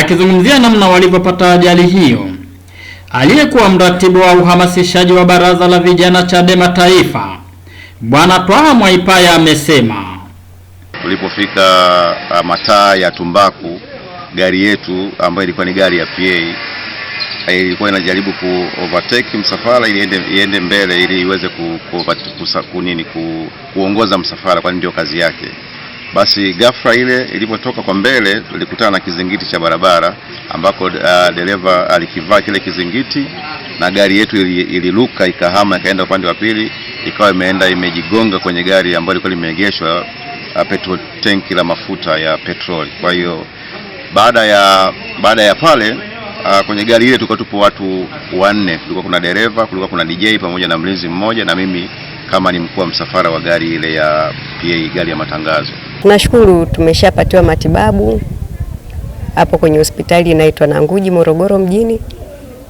Akizungumzia namna walivyopata ajali hiyo, aliyekuwa mratibu wa uhamasishaji wa baraza la vijana Chadema Taifa Bwana Twaha Mwaipaya amesema tulipofika uh, mataa ya Tumbaku, gari yetu ambayo ilikuwa ni gari ya PA eh, ilikuwa inajaribu ku overtake msafara ili iende, iende mbele ili iweze ku, ku, ku, ku, ku, nini, ku, kuongoza msafara kwani ndio kazi yake. Basi ghafla ile ilipotoka kwa mbele, tulikutana na kizingiti cha barabara ambako uh, dereva alikivaa kile kizingiti na gari yetu iliruka ili ikahama ikaenda upande wa pili, ikawa imeenda imejigonga kwenye gari ambayo ilikuwa limeegeshwa uh, petrol tenki la mafuta ya petroli. Kwa hiyo baada ya baada ya pale uh, kwenye gari ile tulikuwa tupo watu wanne, kulikuwa kuna dereva, kulikuwa kuna DJ pamoja na mlinzi mmoja na mimi kama ni mkuu wa msafara wa gari ile ya PA, gari ya matangazo. Tunashukuru tumeshapatiwa matibabu hapo kwenye hospitali inaitwa Nanguji Morogoro mjini.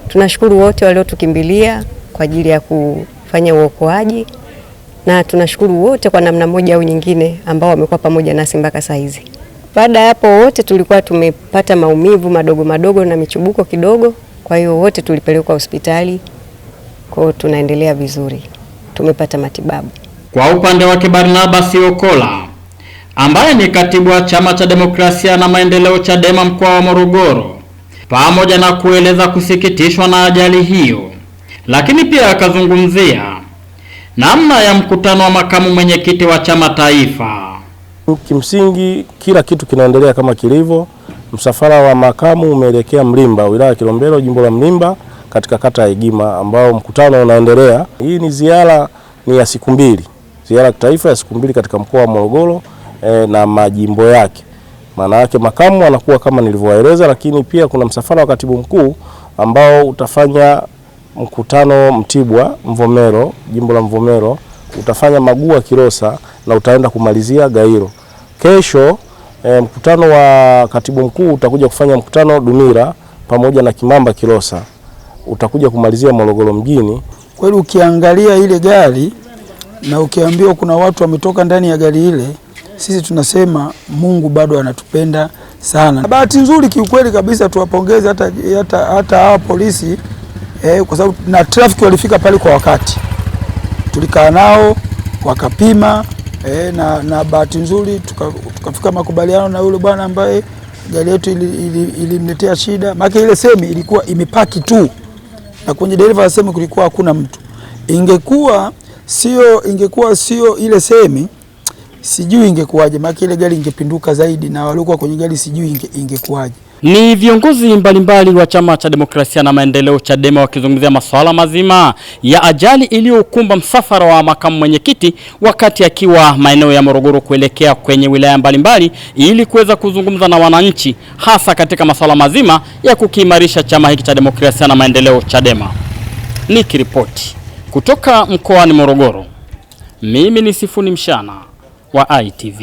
Tunashukuru wote waliotukimbilia kwa ajili ya kufanya uokoaji na tunashukuru wote kwa namna moja au nyingine ambao wamekuwa pamoja nasi mpaka saa hizi. Baada ya hapo, wote tulikuwa tumepata maumivu madogo madogo na michubuko kidogo, kwa hiyo wote tulipelekwa hospitali. Kwa tunaendelea vizuri, tumepata matibabu. Kwa upande wake Barnabas Okola ambaye ni katibu wa chama cha demokrasia na maendeleo Chadema mkoa wa Morogoro, pamoja na kueleza kusikitishwa na ajali hiyo, lakini pia akazungumzia namna ya mkutano wa makamu mwenyekiti wa chama taifa. Kimsingi kila kitu kinaendelea kama kilivyo. Msafara wa makamu umeelekea Mlimba, wilaya ya Kilombero, jimbo la Mlimba, katika kata ya Igima, ambao mkutano unaendelea. Hii ni ziara ni ya siku mbili, ziara ya kitaifa ya siku mbili katika mkoa wa Morogoro e, na majimbo yake. Maana yake makamu anakuwa kama nilivyowaeleza, lakini pia kuna msafara wa katibu mkuu ambao utafanya mkutano Mtibwa, Mvomero, jimbo la Mvomero, utafanya Magua, Kilosa na utaenda kumalizia Gairo. Kesho e, mkutano wa katibu mkuu utakuja kufanya mkutano Dumira pamoja na Kimamba, Kilosa, utakuja kumalizia Morogoro mjini. Kweli ukiangalia ile gari na ukiambiwa kuna watu wametoka ndani ya gari ile sisi tunasema Mungu bado anatupenda sana. Bahati nzuri kiukweli kabisa, tuwapongeze hata, hata, hata hawa polisi eh, kwa sababu na trafiki walifika pale kwa wakati, tulikaa nao wakapima eh, na, na bahati nzuri tukafika tuka makubaliano na yule bwana ambaye gari yetu ilimletea shida, maana ile semi ilikuwa imepaki tu na kwenye dereva semi kulikuwa hakuna mtu. Ingekuwa sio ingekuwa sio ile semi sijui ingekuwaje, maana ile gari ingepinduka zaidi na waliokuwa kwenye gari sijui inge, ingekuwaje. Ni viongozi mbalimbali wa Chama cha Demokrasia na Maendeleo Chadema wakizungumzia masuala mazima ya ajali iliyokumba msafara wa makamu mwenyekiti wakati akiwa maeneo ya Morogoro kuelekea kwenye wilaya mbalimbali ili kuweza kuzungumza na wananchi hasa katika masuala mazima ya kukiimarisha chama hiki cha Demokrasia na Maendeleo Chadema. Nikiripoti kutoka mkoani Morogoro, mimi ni Sifuni Mshana wa ITV.